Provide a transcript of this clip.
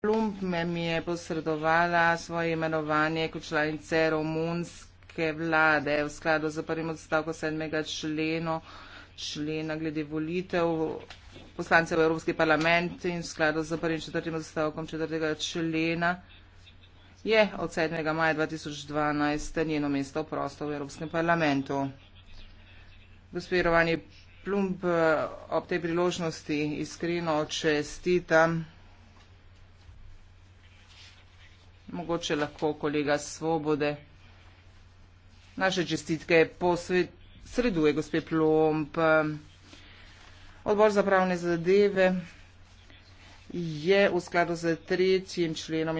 Plumb me mi je posredovala svoje imenovanje kot članice romunske vlade v skladu za prvim odstavkom sedmega členo, člena glede volitev poslancev v Evropski parlament in v skladu za prvim četrtim odstavkom četrtega člena je od 7. maja 2012 njeno mesto prosto v Evropskem parlamentu. Gospodirovanje Plumb ob tej priložnosti iskreno čestitam. mogoče lahko kolega Svobode. Naše čestitke posreduje gospe Plomp. Odbor za pravne zadeve je v skladu z tretjim členom.